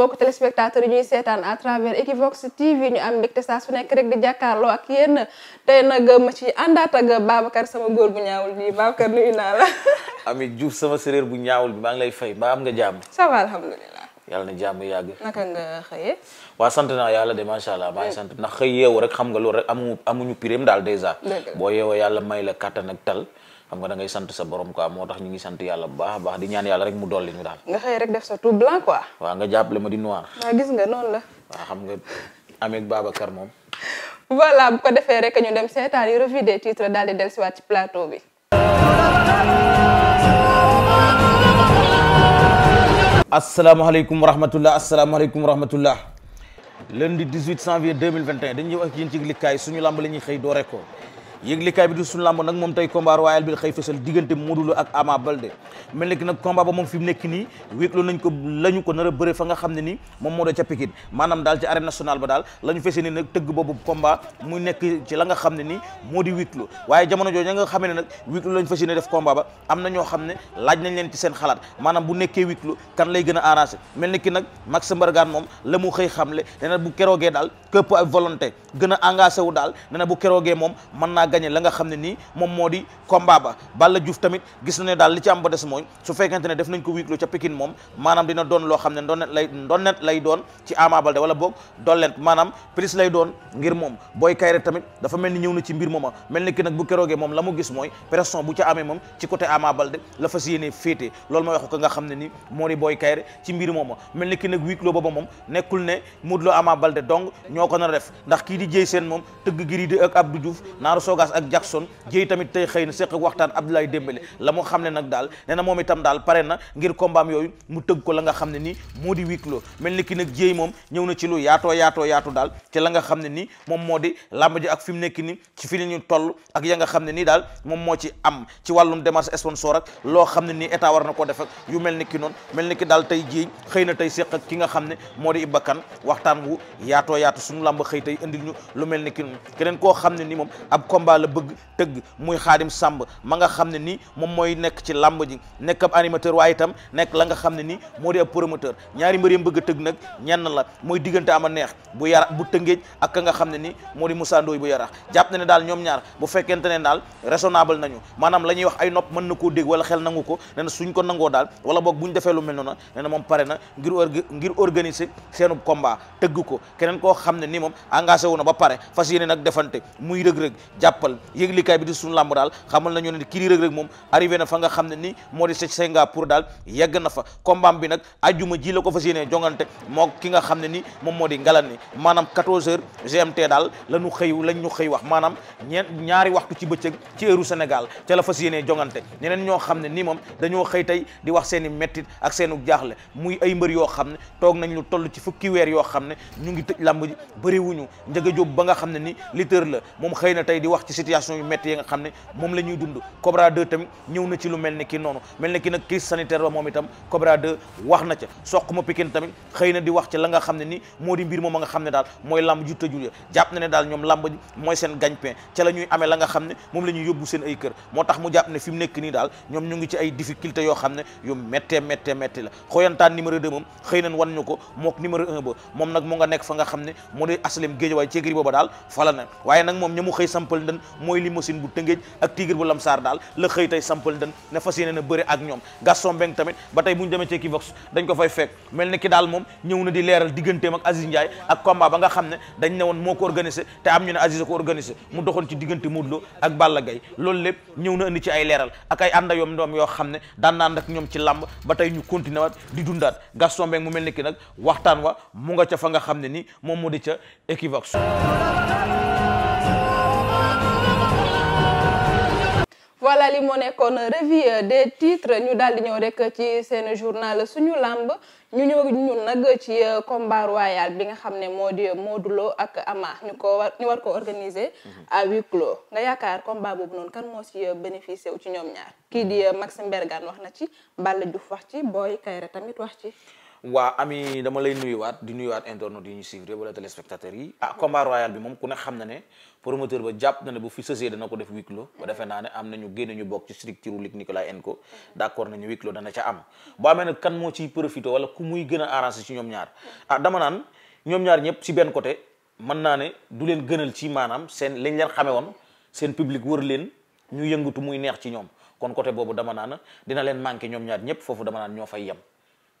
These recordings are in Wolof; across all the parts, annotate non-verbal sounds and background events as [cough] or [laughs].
mbokk téléspectateurs yi ñuy seetaan à travers Equivox TV ñu am mbégte saa su nekk rek di jàkkaarloo ak yéen tey nag ma ci àndaat nga Babacar sama góor bu ñaawul bi Babacar nuyu naa la. [laughs] Ami Diouf sama séréer bu ñaawul bi maa ngi lay fay ba am nga jàmm. ça va alhamdulilah. yàlla na jàmm yàgg. naka nga xëyee. waa sant naa yàlla de macha allah maa ngi sant ndax xëy yeewu rek xam nga lool rek amu amuñu pireem daal dèjà. boo yeewoo yàlla may la kattan ak tal. xam nga dangay sant sa borom quoi moo tax ñu ngi sant yàlla bu baax baax di ñaan yàlla rek mu dolli ñu daal. nga xëy rek def sa tout blanc quoi. nga jàppale gis nga noonu la. xam nga Ameth Babacar moom. voilà bu ko defee rek ñu dem seetaan yi revue des titres daal di dellusiwaat ci plateau bi. asalaamaaleykum wa rahmatulah asalaamaaleykum wa rahmatulah. lundi 18 janvier 2021 dañu ñëw ak yéen ci likkaay suñu lamb la ñuy xëy doo ko. yëglikaay bi di sunu làmb nag moom tey combat royal bi xëy fësal diggante Modou Lo ak Ama Baldé mel ni nag combat ba moom fi mu nekk nii wéekloo nañ ko lañu ko nar a fa nga xam ne ni moom moo doon ca Pikine daal ci arène nationale ba daal fesee ni nag tëgg boobu combat muy nekk nga xam ne ni moo di wéekloo waaye jamono jooju nga xam ne nag wéekloo lañ fesee ne def combat ba am na ñoo xam ne laaj nañ leen ci seen xalaat maanaam bu nekkee wéekloo kan lay gën a arrangé mel ni ki nag Max Mbargane moom la mu xëy xamle nee bu keroogee daal képp ay volonté gën a engagé wu daal nee na bu keroogee moom mën naa gagné la nga xam ne nii moom moo di combat ba Balla Diouf tamit gis na ne daal li ci am ba des moom mooy su fekkente ne def nañ ko wiikloo ca Pikine moom maanaam dina doon loo xam ne ndonnet lay ndonnet lay doon ci Ama Baldé wala boog dolent maanaam plus lay doon ngir moom Boy Kayre tamit dafa mel ni ñëw na ci mbir mooma mel ni ki nag bu keroogee bu ca amee moom ci côté Ama Baldé la fas yéene féete loolu mooy xam ne ni moo di Boy Kayre ci mbir mooma mel ni ki nag wiikloo booba moom nekkul ne Modou Lo Ama Baldé dong ñoo ko nar a def ndax kii di jëy seen moom tëgg giri di ak Abdou Diouf naaru Sogas ak Jackson jëy tamit tey xëy na seq ak waxtaan Abdoulaye Dembélé la mu xam ne moom itam daal pare na ngir kombaam yooyu mu tëgg ko la nga xam ne nii moo di huis clos mel ni ki nag jéey moom ñëw na ci lu yaatoo yaatoo yaatu daal ci la nga xam ne nii moom moo di làmb ji ak fi mu nekk nii ci fi ñu toll ak nga xam ne nii daal moom moo ci am ci wàllum démarche sponsor ak loo xam ne nii état war na koo def yu mel ni ki mel ni ki daal tey jéey xëy na tey séq ak ki nga xam ne moo di Iba waxtaan wu yaatoo yaatu suñu làmb xëy tey indil ñu lu mel ni ki keneen koo xam ne nii moom ab combat bëgg tëgg muy Xaadim Sàmb ma nga xam ne nii moom mooy nekk ci làmb ji nekk ab animateur waaye itam nekk la nga xam ne ni moo di ab promoteur ñaari mbër yam bëgg a tëgg nag ñenn la mooy diggante ama neex bu yara bu tëngeej ak ka nga xam ne ni moo di Moussa bu yarax jàpp na ne daal ñoom ñaar bu fekkente ne daal raisonnable nañu maanaam la ñuy wax ay nopp mën na koo dégg wala xel nangu ko nee na suñ ko nangoo daal wala boog buñ defee lu mel noonu na moom pare na ngir ngir organiser seenu combat tëgg ko keneen koo xam ne ni moom engagé wu na ba pare fas yéene nag defante muy rëg-rëg jàppal yëglikaay bi di suñu làmb daal xamal nañu ne kii di rëg-rëg moom arrivé na fa nga xam ne ni moo ca Singapour daal yegg na fa combat bi nag ajjuma ji la ko fas yéenee jongante moo ki nga xam ne ni moom moo di ngalan ni maanaam 14 heures GMT daal la ñu xëy lañ ñu xëy wax maanaam ñeent ñaari waxtu ci bëccëg ci heure Sénégal ca la fas yéenee jongante ñeneen ñoo xam ne ni moom dañoo xëy tey di wax seeni i mettit ak seenu jaaxle muy ay mbër yoo xam ne toog nañ lu toll ci fukki weer yoo xam ne ñu ngi tëj làmb ji bëriwuñu njëga jóob ba nga xam ne ni lutteur la moom xëy na tey di wax ci situation yu métti yi nga xam ne moom la ñuy dund mel na ki nag crise sanitaire ba moom itam Cobra wax na ca soq ma Pikine tamit xëy na di wax ci la nga xam ne ni moo di mbir moom a nga xam ne daal mooy lamb ju tëju ya na ne ñoom lamb ji mooy seen gagne-pain ca la ñuy nga xam ne moom la ñuy yóbbu seen ay kër moo tax mu jàpp ne fi mu nekk nii daal ñoom ñu ngi ci ay difficultés xam ne yu méttee méttee métti la xooyantaan numéro 2 moom xëy nañ wan ñu ko mook numéro 1 ba moom nag mu nga nekk fa nga xam ne moo di aslem géejawaay ci gri booba daal fala na waaye nag moom ña mu xëy sampal ndën mooy limousine bu tëngéej ak tigre bu lamsaar daal la xëy tey sampal ndën ne fas yéene na bëre ak ñoom Gaston Mbengue tamit ba tey bu ñu demee ci Equivox dañ ko fay fekk mel ni ki daal moom ñëw na di leeral digganteem ak Aziz Ndiaye ak combat ba nga xam ne dañ ne woon moo ko organisé te am ñu ne Aziz ko organisé mu doxoon ci diggante Modou ak ballagay Gaye loolu ñëw na indi ci ay leeral ak ay ànda yoom doom yoo xam ne daan naan rek ñoom ci làmb ba tey ñu continué di dundaat Gaston Mbengue mu mel ni ki nag waxtaan wa mu nga ca fa nga xam ne ni moom moo di ca Equivox voilà li moo nekkoon revue euh, des titres ñu daal di ñëw rek ci seen journal suñu làmb ñu ñëw ñun nag ci euh, combat royal bi nga xam ne moo di moo Lo ak Ama ñu ko war ñu war ko organiser mhm. à huis clos nga yaakaar combat boobu noonu kan moo si euh, bénéficié wu ci ñoom ñaar kii di Maxime Bergan wax na ci Balla Diouf wax ci Boy Kayra tamit wax ci waa ami dama lay nuyuwaat di nuyuwaat internautes yi ñu suivre wala téléspectateurs yi ah combat royal bi moom ku ne xam na ne promoteur ba jàpp na ne bu fi sësee dana ko def huis clos ba defee naa ne am nañu génn ñu bokk ci structure Luc Nicolaï Enco d'accord nañu huis clos dana ca am boo amee nag kan moo ciy profité wala ku muy gën a arrangé ci ñoom ñaar ah dama naan ñoom ñaar ñëpp si benn côté mën naa ne du leen gënal ci maanaam seen lañ leen xamee woon seen public wër leen ñu yëngatu muy neex ci ñoom kon côté boobu dama naan dina leen manqué ñoom ñaar ñëpp foofu dama naan ñoo fay yem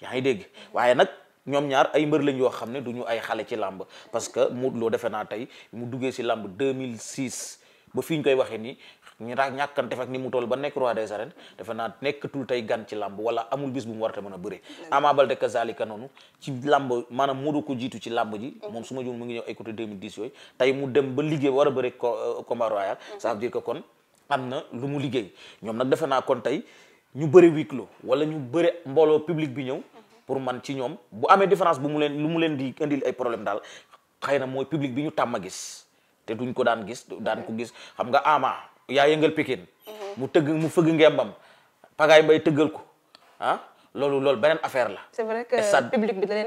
yaa ngi dégg waaye nag ñoom ñaar ay mbër lañ yoo xam ne du ñu ay xale ci làmb parce que Modou loo defe naa tey mu duggee si làmb 2006 ba fi ñu koy waxee nii ñu raa ñàkkante fekk ni mu toll ba nekk roi des arènes defe naa nekkatul tey gan ci làmb wala amul bis bu mu warta mën a bëree Ama Baldé kazalika noonu ci làmb maanaam Modou ko jiitu ci làmb ji moom su ma jum mu ngi ñëw ay côté 2010 yooyu tey mu dem ba liggéey ba war a bëri euh, combat royal ça veut dire ko kon am na lu mu liggéey ñoom nag defe naa kon tey ñu bëri huis clos wala ñu bëri mbooloo public bi ñëw pour man ci ñoom bu amee différence bu mu leen lu mu leen di indil ay problème daal xëy na mooy public bi ñu tàmm a gis te duñ ko daan gis daan ko gis xam nga ama yaa yëngal Pikine mhm. mu tëgg mu fëgg ngembam pagaay mbay tëggal ko ah loolu loolu beneen affaire la. c'est vrai que public bi da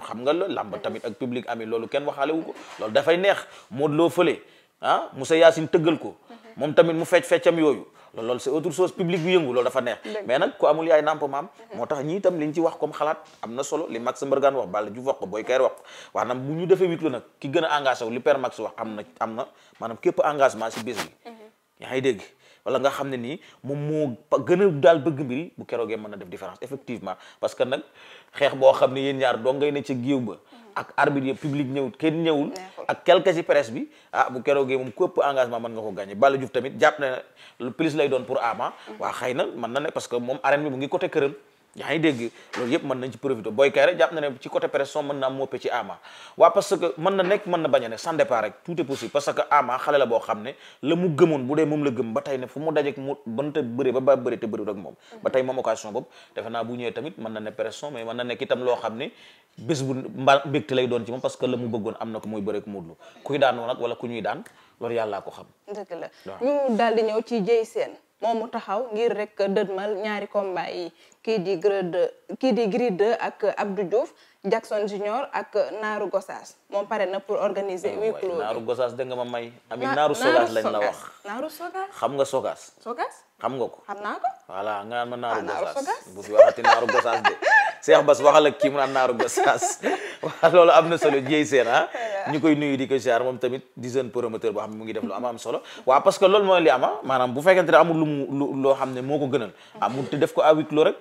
xam nga loolu làmb tamit ak public ami loolu kenn waxaale wu ko loolu dafay neex moo loo fële ah Moussa Yacine tëggal ko mhm. moom tamit mu fecc feccam yooyu loolu c'est autre chose public bi yëngu loolu dafa neex mais nag ku amul yaay nàmp maam moo tax ñi itam liñ ci wax comme xalaat am na solo li Max Mbargane wax Balla Diouf wax ko Boy Kair wax ko maanaam bu ñu defee huis nag ki gën a engagé wu li Père Max wax am na maanaam képp engagement si bis bi mhm. yaa ngi dégg wala nga xam ne nii moom moo gën daal bëgg mbiri bu keroogee mën na def différence effectivement parce que nag xeex boo xam ne yéen ñaar doo ngay ne ca géew ba ak arbitre public ñëwul kenn ñëwul ak quelque ci presse bi ah bu keroogee moom képp engagement mën nga ko gagné Balla Diouf tamit jàpp na plus lay doon pour Ama mm-hmm. waa xëy na mën na ne parce que moom arène bi mu ngi côté këram yaa ngi dégg loolu yëpp mën nañ ci profité Boy Kayre jàpp na ne ci côté pression mën naa moppe ci Ama waaw parce que mën na nekk mën na bañ ne sans rek tout possible parce que Ama xale la boo xam ne la mu gëmoon bu dee moom la gëm ba tey ne fu mu dajeek mu mm-hmm. mu bëggoon am na ko mooy bëreek Modou kuy daanoo nag ku ñuy daan loolu yàllaa ko xam dëgg la ñu daal di ñëw ci Dieye Sène moom mu taxaw ngir rek dëdmal ñaari combat yi kii di Gris 2 kii di Gris 2 ak Abdou Diouf Jackson Junior ak Naaru Gossas moom pare na pour organiser ah, huis clos Naaru Gossas da ma may ami Naaru Sogas lañ la wax Naaru Sogas xam nga Sogas Sogas xam nga ko xam naa ko voilà nga ma ah, Naaru Gossas bu fi waxati Naaru Gossas kii mu naan Naaru Gossas [laughs] waaw am na solo jiy seen [laughs] ñu koy nuyu di ko ziar moom tamit di jeune promoteur boo xam ne mu ngi def lu am am solo waaw parce que loolu mooy li ama maanaam bu fekkente ne amul lu mu loo xam ne moo ko gënal amul te def ko à huis clos rek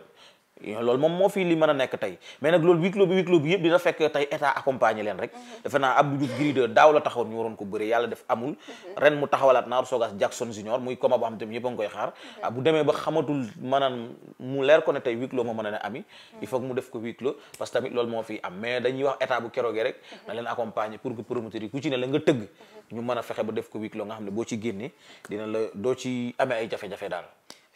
loolu moom moo fii li mën a nekk tey mais nag loolu huis clos bi huis clos bi yëpp dina fekk tey état accompagner leen rek mhm. defe naa Abdou Diouf Gris 2 daaw la taxawoon ñu waroon ko bëre yàlla def amul mhm. ren mu taxawalaat Naar Sogas Jackson Junior muy combat boo xam tamit ñëpp a ngi koy xaar mhm. ah, bu demee ba xamatul maanaam ne a ne ami mu def ko huis clos parce que moo fii am mais dañuy wax état bu keroogee rek na leen accompagner pour que promoteur yi ku ci ne la nga tëgg ñu mën a fexe ba def ko huis nga xam ne boo ci génnee dina la doo ci amee ay jafe-jafe daal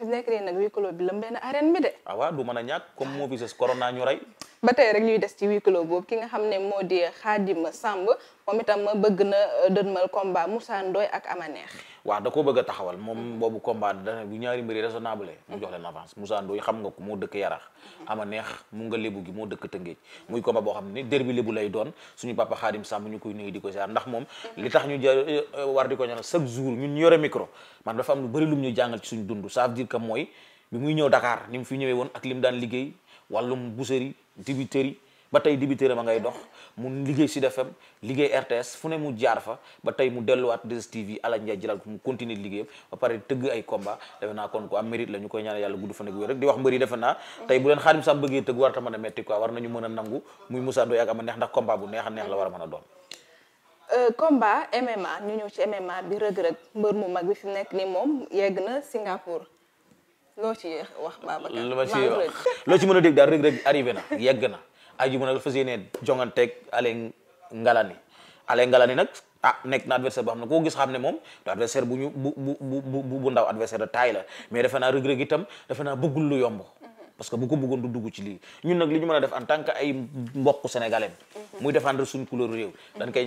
fi nekk nii nag wi clos bi lëmbee na arène bi de. ah waaw du mën a ñàkk comme moo visé corona ñu rey. ba tey rek ñuy des ci huis clos boobu ki nga xam ne moo di Xaadima Samb moom itam ma bëgg na euh, dënmal combat Moussa Ndoye ak Amaneex. waaw da koo bëgg a taxawal moom mm-hmm. boobu combat dana bu ñaari mbir yi raisonnable mu jox leen avance Moussa Ndoye xam nga ko moo dëkk Yarax a neex mu nga lébu gi moo dëkk Tëngéej muy combat boo xam ne derbi lébu lay doon suñu papa Xaadim Samb ñu koy nuyu di ko siyaar ndax moom mm-hmm. li tax ñu jar euh, war di ko ñaanal chaque jour ñun ñu yore micro man dafa am lu bëri lum ñu jàngal ci suñu dundu ça veut dire que mooy bi muy ñëw dakaar ni mu fi ñëwee woon ak lim daan liggéey wàllum boucherie dibiterie ba tey débiteur a ngay dox mu liggéey Sud FM liggéey RTS fu ne mu jaar fa ba tey mu delluwaat 2STV Aladji Ndiaye jëlaat ko mu continuer liggéeyam ba pare tëgg ay combat defe naa kon ko am mérite la ñu koy ñaan yàlla gudd fan ak wér rek di wax mbëri defe naa tey bu leen Xaadim Samb bëggee tëgg a metti mën a nangu muy Moussa Ndoye ak ama neex bu neex neex la a mën a doon euh, combat MMA ñu ñëw ci MMA bi rëg-rëg mbër mu mag bi fi nekk ni moom yegg na Singapour loo ci wax Babacar lu ma loo ci mën a dégg daal rëg-rëg arrivé na yegg na ajjuma la fas yéenee jonganteeg Alain Ngalani Alain Ngalani nag ah nekk na adversaire boo xam ne koo gis xam ne moom bu ñu bu bu bu bu defe naa rëg lu yomb parce que bu ko bëggoon du dugg li ñu mën a def tant que ay mbokk sénégalais muy défendre suñ couleur réew dañ lay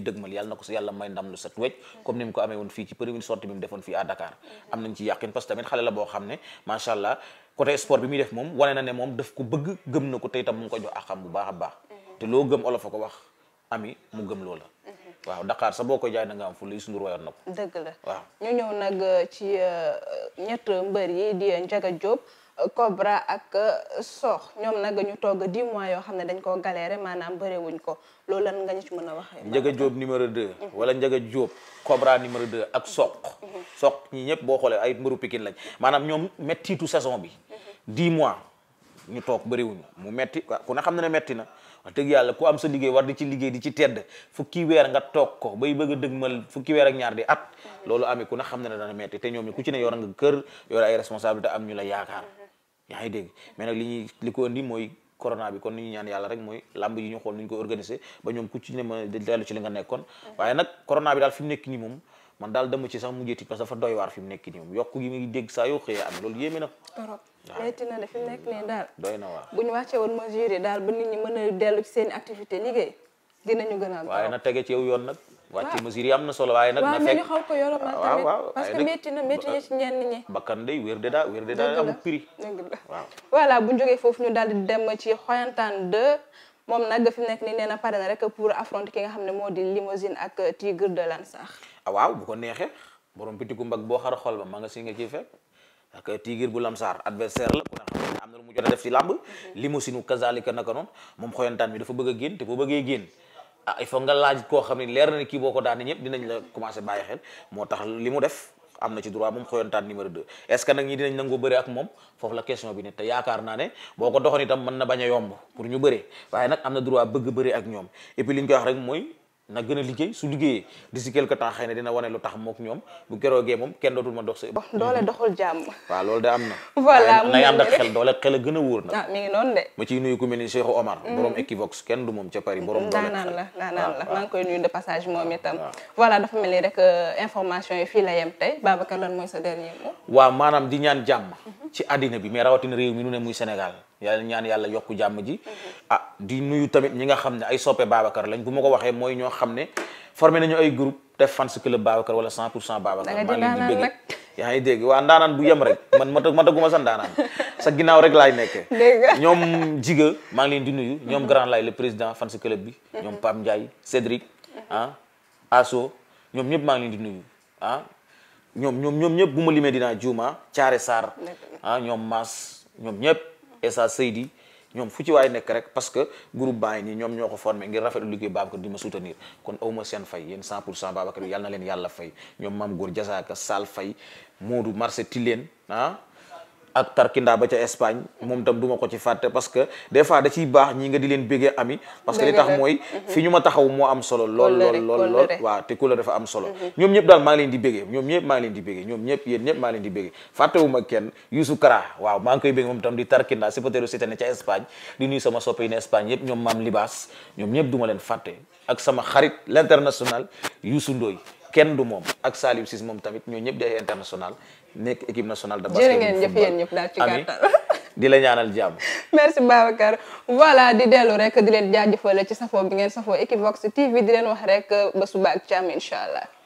dëgmal yàlla na ko si yàlla may ndam lu set wecc comme ni mu ko amee woon fii ci première sortie bi mu defoon fii à Dakar am nañ ci yàqin parce xale la boo xam ne macha allah côté sport bi muy def moom wane na ne moom daf ko bëgg gëm na ko te itam mu ngi ko jox axam bu baax a baax te loo gëm olof a ko wax ami mu gëm loola waaw Dakar sa boo koy jaay da am fu lii sundur wayoon na ko dëgg la waaw ñu ñëw nag euh, ci euh, ñett mbër yi di euh, Ndiaga Diop Cobra ak Sokh ñoom nag ñu togg dix mois yoo xam ne dañ koo galéré maanaam bëreewuñ ko loolu lan nga mën a waxee Ndiaga Diop numéro deux mhm. wala Ndiaga Diop Cobra numéro deux ak Sokh mhm. Sokh ñi ñëpp boo xoolee ay mbëru Pikine lañ maanaam ñoom mettitu saison bi dix mois ñu toog bëriwuñu mu metti ku ne xam na ne metti na wax dëgg yàlla ku am sa liggéey war di ci liggéey di ci tedd fukki weer nga toog ko bay bëgg a dëgmal fukki weer ak ñaar di at loolu amee ku ne xam na ne dana metti te ñoom ñi ku ci ne yor nga kër yor ay responsabilité am ñu la yaakaar yaa ngi dégg mais nag li ñuy li ko indi mooy corona bi kon nu ñu ñaan yàlla rek mooy lamb yi ñu xool nu ñu koy organisé ba ñoom ku ci ne ma dellu ci li nga nekkoon mm. waaye man daal dama ci sax mujjati parce que dafa doy waar fi nekk nii moom yokk yi muy dégg saa yoo xëyee am loolu yéeme na. metti na de fi a activité liggéey dinañu gën a am. waaw wàcce am na solo waaw mais ñu xaw ko yoromal tamit parce que métti na métti na ci ñenn ñi. bakkan day wér de daa wér de daa amul prix. dëgg bu ñu foofu ñu daal di dem ci xoyantaan 2 moom nag fi mu nekk nii nee na pare na rek pour affronter ki nga xam ne moo di limousine ak tigre de l'Ansar. ah waaw bu ko neexee borom pitiku mbag boo xar xol ba ma nga nga ciy fekk ak tigre bu lamsaar adversaire la ku ne am na lu mu jot a def ci làmb mhm. limousine u kazalika naka noonu moom xoyantaan bi dafa bëgg a génn te boo bëggee génn. ah il faut nga laaj koo xam ne leer na ne kii boo ko daane ñëpp dinañ la commencé bàyyi xel moo tax li mu def am na ci droit moom xoyantaan numéro 2 est-ce que nag ñi dinañ nangu bëre ak moom foofu la question bi ne te yaakaar naa ne boo ko doxoon itam na bañ a yomb pour ñu bëre waaye nag am na droit bëgg bëre ak ñoom et puis koy wax rek mooy na gën a liggéey su liggéeyee d'ici quelque temps xëy na dina wane lu tax mook ñoom bu keroogee moom kenn dootul ma dox sa doole doxul jàmm waaw loolu de am na voilà nay ànd xel doole xel a gën a wóor na ah, mi ngi noonu de nuyu ku mel ni Cheikh Omar mm. borom Equivox kenn du moom ca Paris borom doole naanaan la naanaan la maa ngi passage moom itam voilà dafa mel ni rek euh, information yi fii la yem tey Babacar lan mooy sa dernier mot waaw maanaam di ñaan jàmm ci àddina bi mais rawatina réew mi nu ne muy Sénégal yàlla ñaan yàlla yokk jàmm ji mhm. ah di nuyu tamit ñi nga xam ne ay soppe Babacar lañ bu ma ko waxee mooy ñoo xam ne formé nañu ay groupe def fans club Babacar wala 100 pour cent Babacar maa leen di bëgg yaa ngi dégg waa ndaanaan bu yem rek man ma mataguma sa ndaanaan [laughs] sa ginnaaw rek laay nekkee ñoom jiga maa ngi di nuyu ñoom mhm. grand lay le président fans club bi mhm. ñoom Pape Ndiaye Cédric ah Asso ñoom ñëpp maa ngi di nuyu ah ñoom ñoom ñoom ñëpp bu ma limee dinaa juuma Thiaré Sarr ah ñoom mars ñoom ñëpp Essa Seydi ñoom fu ci waay nekk rek parce que groupe baa nii ñoom ñoo ko formé ngir rafetlu liggéey Babacar di ma soutenir kon awma seen fay yéen 100 pour cent Babacar yàlla na leen yàlla fay ñoom maam góor jasaaka saal fay Modou marché Tilène ah ak tarkindaa ba ca Espagne moom itam duma ko ci fàtte parce que des fois da ciy baax ñi nga di leen béggee ami parce que li tax mooy mhm. fi ñu ma taxaw moo am solo lool lool lool lool waaw te couleur dafa am solo mhm. ñoom ñëpp daal maa ngi leen di béggee ñoom ñëpp maa ngi leen di béggee ñoom ñëpp yéen ñëpp maa ngi leen di béggee fàttewuma kenn Youssou Kara waaw maa ngi koy béggee moom itam di tarkindaa supporteru Cité ne ca Espagne di nuyu sama soppe yi ne Espagne yëpp ñoom maam libaas ñoom ñëpp duma leen fàtte ak sama xarit l'international Youssou Ndoye kenn du moom ak Salif Ciss moom tamit ñoo ñëpp di international nekk équipe nationale de basket ngeen jëf yéen ñëpp daal ci gàttal di la ñaanal jàmm [laughs] merci Babacar voilà di dellu rek di leen jaajëfale ci safoo bi ngeen safoo Equivox TV di leen wax rek ba suba ak jàmm